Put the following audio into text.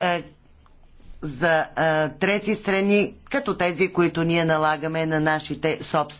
Е, за е, трети страни, като тези, които ние налагаме на нашите собствени